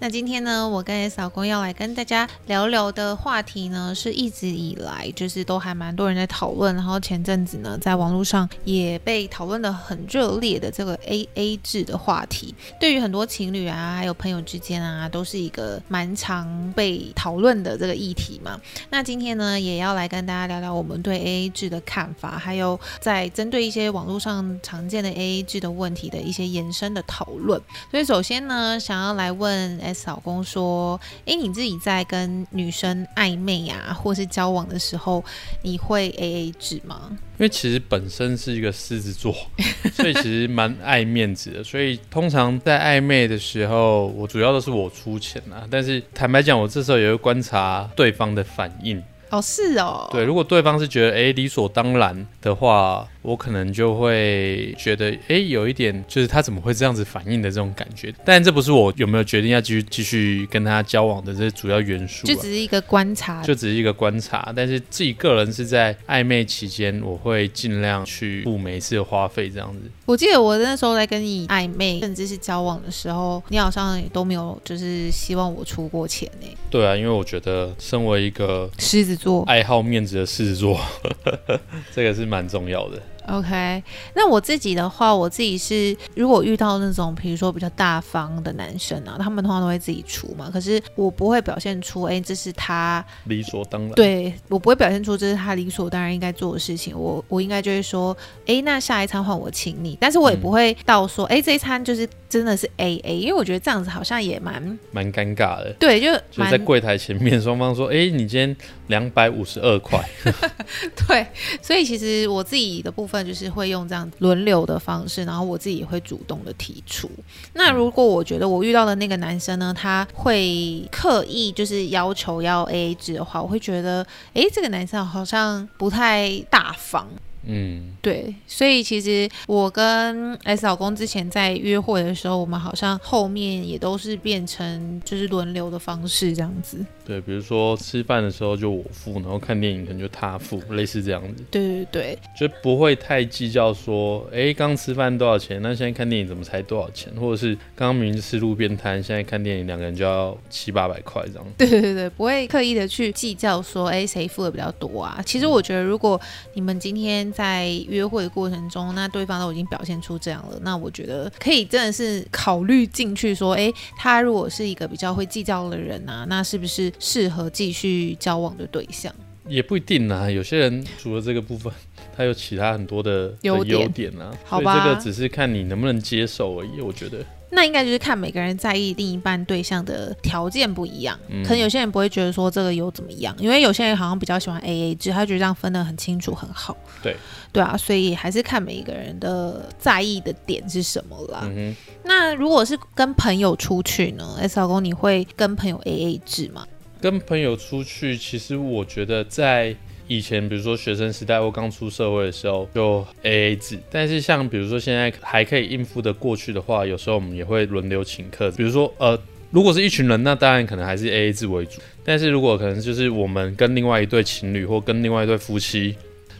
那今天呢，我跟 S 老公要來跟大家聊聊的話題呢，是一直以來就是都還蠻多人在討論，然後前陣子呢，在網絡上也被討論得很熱烈的這個 AA 制的話題，對於很多情侶啊，還有朋友之間啊，都是一個蠻常被討論的這個議題嘛。那今天呢，也要來跟大家聊聊我們對 AA 制的看法，還有在針對一些網絡上常見的 AA 制的問題的一些延伸的討論。所以首先呢，想要來問。S 老公說：“哎、欸，你自己在跟女生曖昧啊，或是交往的時候，你會 AA 制嗎？因為其實本身是一個獅子座， 所以其實蠻愛面子的。所以通常在曖昧的時候，我主要都是我出錢啊。但是坦白講，我這時候也會觀察對方的反應。哦，是哦，對。如果對方是覺得哎、欸、理所當然的話。”我可能就會覺得，哎、欸，有一點就是他怎麼會這樣子反應的這種感覺，但這不是我有沒有決定要繼續繼續跟他交往的這些主要元素、啊，就只是一個觀察，就只是一個觀察。但是自己個人是在曖昧期間，我會盡量去付每次的花費這樣子。我記得我那時候在跟你曖昧，甚至是交往的時候，你好像也都沒有就是希望我出過錢哎、欸。對啊，因為我覺得身為一個獅子座，愛好面子的獅子座， 這個是蠻重要的。OK，那我自己的話，我自己是如果遇到那種，比如說比較大方的男生啊，他們通常都會自己出嘛。可是我不會表現出，哎、欸，這是他理所當然，對，我不會表現出這是他理所當然應該做的事情。我我應該就會說，哎、欸，那下一餐換我請你，但是我也不會到說，哎、嗯欸，這一餐就是。真的是 A A，因為我覺得這樣子好像也蠻蠻尷尬的。對，就，就在櫃檯前面，雙方說：“哎、欸，你今天兩百五十二塊。 ” 對，所以其實我自己的部分就是會用這樣輪流的方式，然後我自己也會主動的提出。那如果我覺得我遇到的那個男生呢，他會刻意就是要求要 A A 制的話，我會覺得哎、欸，這個男生好像不太大方。嗯，對，所以其實我跟 S 老公之前在約會的時候，我們好像後面也都是變成就是輪流的方式這樣子。對，比如說吃飯的時候就我付，然後看電影可能就他付，類似這樣子。對對對，就不會太計較說，哎，剛吃飯多少錢？那現在看電影怎麼才多少錢？或者是剛剛明明吃路邊攤，現在看電影兩個人就要七八百塊這樣。對對對，不會刻意的去計較說，哎，誰付的比較多啊？其實我覺得如果你們今天，在約會過程中，那對方都已經表現出這樣了，那我覺得可以真的是考慮進去，說，欸，他如果是一個比較會計較的人啊，那是不是適合繼續交往的對象？也不一定啊，有些人除了這個部分，他有其他很多的優點啊，好吧，這個只是看你能不能接受而已，我覺得。那應該就是看每個人在意另一半對象的條件不一樣，嗯，可能有些人不會覺得說這個有怎麼樣，因為有些人好像比較喜歡 AA 制，他覺得這樣分得很清楚很好。對，對啊，所以還是看每一個人的在意的點是什麼啦。嗯、那如果是跟朋友出去呢？S 老公，你會跟朋友 AA 制嗎？跟朋友出去，其實我覺得在。以前，比如說學生時代或剛出社會的時候，就 AA 制。但是像比如說現在還可以應付的過去的話，有時候我們也會輪流請客。比如說，呃，如果是一群人，那當然可能還是 AA 制為主。但是如果可能就是我們跟另外一對情侶或跟另外一對夫妻，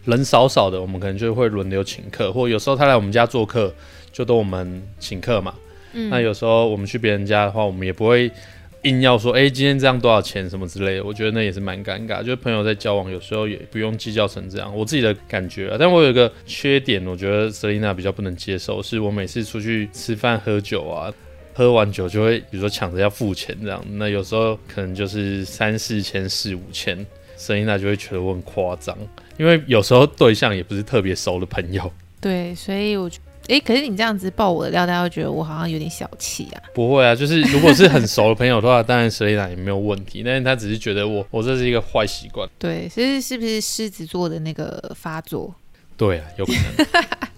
人少少的，我們可能就會輪流請客。或有時候他來我們家做客，就都我們請客嘛。那有時候我們去別人家的話，我們也不會。硬要說哎、欸，今天這樣多少錢什麼之類的，我覺得那也是蠻尷尬。就是，朋友在交往，有時候也不用計較成這樣。我自己的感覺啊，但我有一個缺點，我覺得 Selina 比較不能接受，是我每次出去吃飯喝酒啊，喝完酒就會，比如說搶着要付錢這樣。那有時候可能就是三四千、四五千，Selina 就會覺得我很誇張，因為有時候對象也不是特別熟的朋友。對，所以我覺得哎，可是你這樣子爆我的料，大家會覺得我好像有點小氣啊。不會啊，就是如果是很熟的朋友的話， 當然舍利仔也沒有問題。但是他只是覺得我，我這是一個壞習慣。對，所以是不是獅子座的那個發作？對啊，有可能。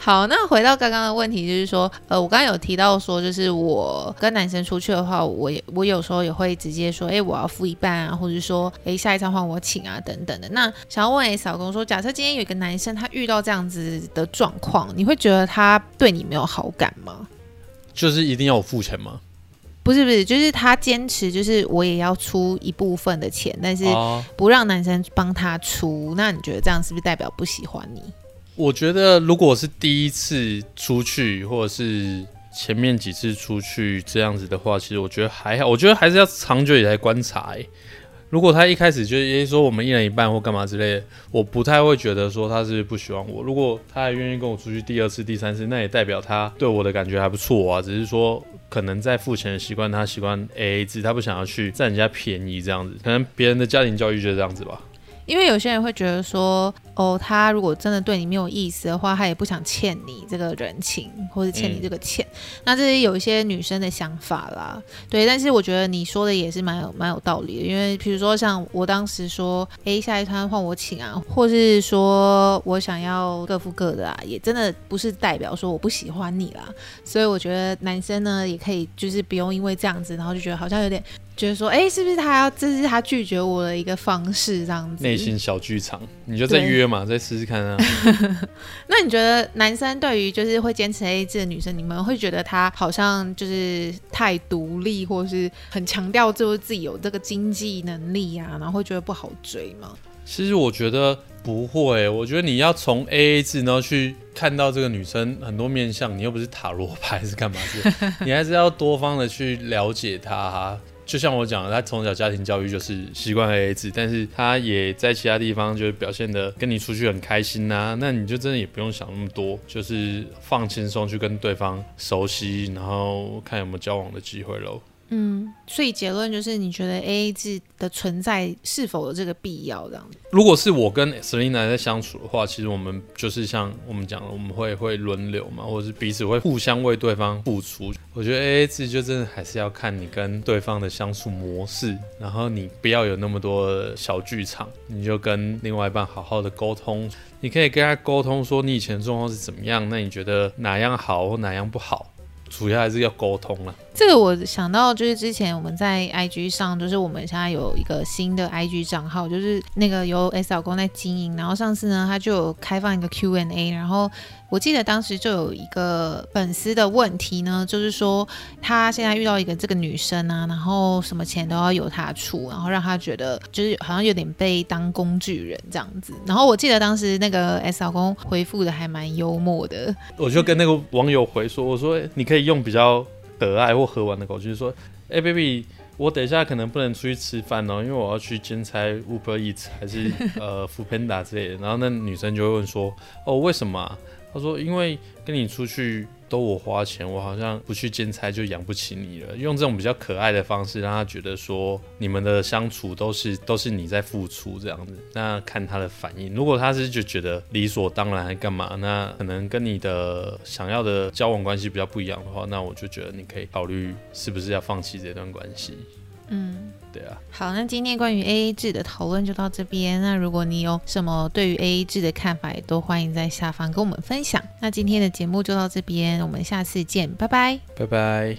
好，那回到剛剛的問題，就是說，呃，我剛剛有提到說，就是我跟男生出去的話，我也我有時候也會直接說，哎、欸，我要付一半啊，或者說，哎、欸，下一場換我請啊，等等的。那想要問哎，小公說，假設今天有一個男生他遇到這樣子的狀況，你會覺得他對你沒有好感嗎？就是一定要我付錢嗎？不是不是，就是他堅持，就是我也要出一部分的錢，但是不讓男生幫他出，那你覺得這樣是不是代表不喜歡你？我覺得如果是第一次出去，或者是前面幾次出去這樣子的話，其實我覺得還好。我覺得還是要長久以來觀察。如果他一開始就也是、欸、說我們一人一半或幹嘛之類的，我不太會覺得說他是不喜歡我。如果他還願意跟我出去第二次、第三次，那也代表他對我的感覺還不錯啊。只是說可能在付錢的習慣，他習慣 AA 制，欸、他不想要去佔人家便宜這樣子。可能別人的家庭教育就是這樣子吧。因為有些人會覺得說，哦，他如果真的對你沒有意思的話，他也不想欠你這個人情，或者欠你這個錢、嗯。那這些有一些女生的想法啦，對。但是我覺得你說的也是蠻有蠻有道理的，因為比如說像我當時說，誒，下一餐換我請啊，或是說我想要各付各的啊，也真的不是代表說我不喜歡你啦。所以我覺得男生呢，也可以就是不用因為這樣子，然後就覺得好像有點。覺得說，哎、欸，是不是他要？這是他拒絕我的一個方式，這樣子。內心小劇場，你就再約嘛，再試試看啊。 嗯、 那你覺得男生對於就是會堅持 AA 制的女生，你們會覺得她好像就是太獨立，或是很強調就是自己有這個經濟能力啊？然後會覺得不好追嗎？其實我覺得不會、欸。我覺得你要從 AA 制然後去看到這個女生很多面向，你又不是塔羅牌是幹嘛去？ 你還是要多方的去了解她、啊。就像我講的，他從小家庭教育就是習慣 AA 制，但是他也在其他地方就表現得跟你出去很開心吶、啊，那你就真的也不用想那麼多，就是放輕鬆去跟對方熟悉，然後看有沒有交往的機會嘍。嗯，所以結論就是，你覺得 AA 制的存在是否有這個必要？這樣子，如果是我跟 Selina 在相處的話，其實我們就是像我們講的，我們會會輪流嘛，或者是彼此會互相為對方付出。我覺得 AA 制就真的還是要看你跟對方的相處模式，然後你不要有那麼多小劇場，你就跟另外一半好好的溝通。你可以跟他溝通說，你以前的狀況是怎麼樣，那你覺得哪樣好或哪樣不好。主要還是要溝通啊，這個我想到就是之前我們在 IG 上，就是我們現在有一個新的 IG 賬號，就是那個由 S 老公在經營。然後上次呢，他就有開放一個 Q&A，然後。我記得當時就有一個粉絲的問題呢，就是說他現在遇到一個這個女生啊，然後什麼錢都要由他出，然後讓他覺得就是好像有點被當工具人這樣子。然後我記得當時那個 S 老公回復的還蠻幽默的，我就跟那個網友回說：“我說、欸、你可以用比較得愛或委婉的口氣、就是、說，哎、欸、，baby，我等一下可能不能出去吃飯哦，因為我要去兼差 Uber Eats 還是呃 Food Panda 之類的。 ”然後那女生就會問說：“哦，為什麼、啊？”他說：“因為跟你出去都我花錢，我好像不去兼差就養不起你了。”用這種比較可愛的方式，讓他覺得說你們的相處都是都是你在付出這樣子。那看他的反應，如果他是就覺得理所當然還幹嘛，那可能跟你的想要的交往關係比較不一樣的話，那我就覺得你可以考慮是不是要放棄這段關係。嗯。對啊，好，那今天關於 AA 制的討論就到這邊。那如果你有什麼對於 AA 制的看法，也都歡迎在下方跟我們分享。那今天的節目就到這邊，我們下次見，拜拜，拜拜。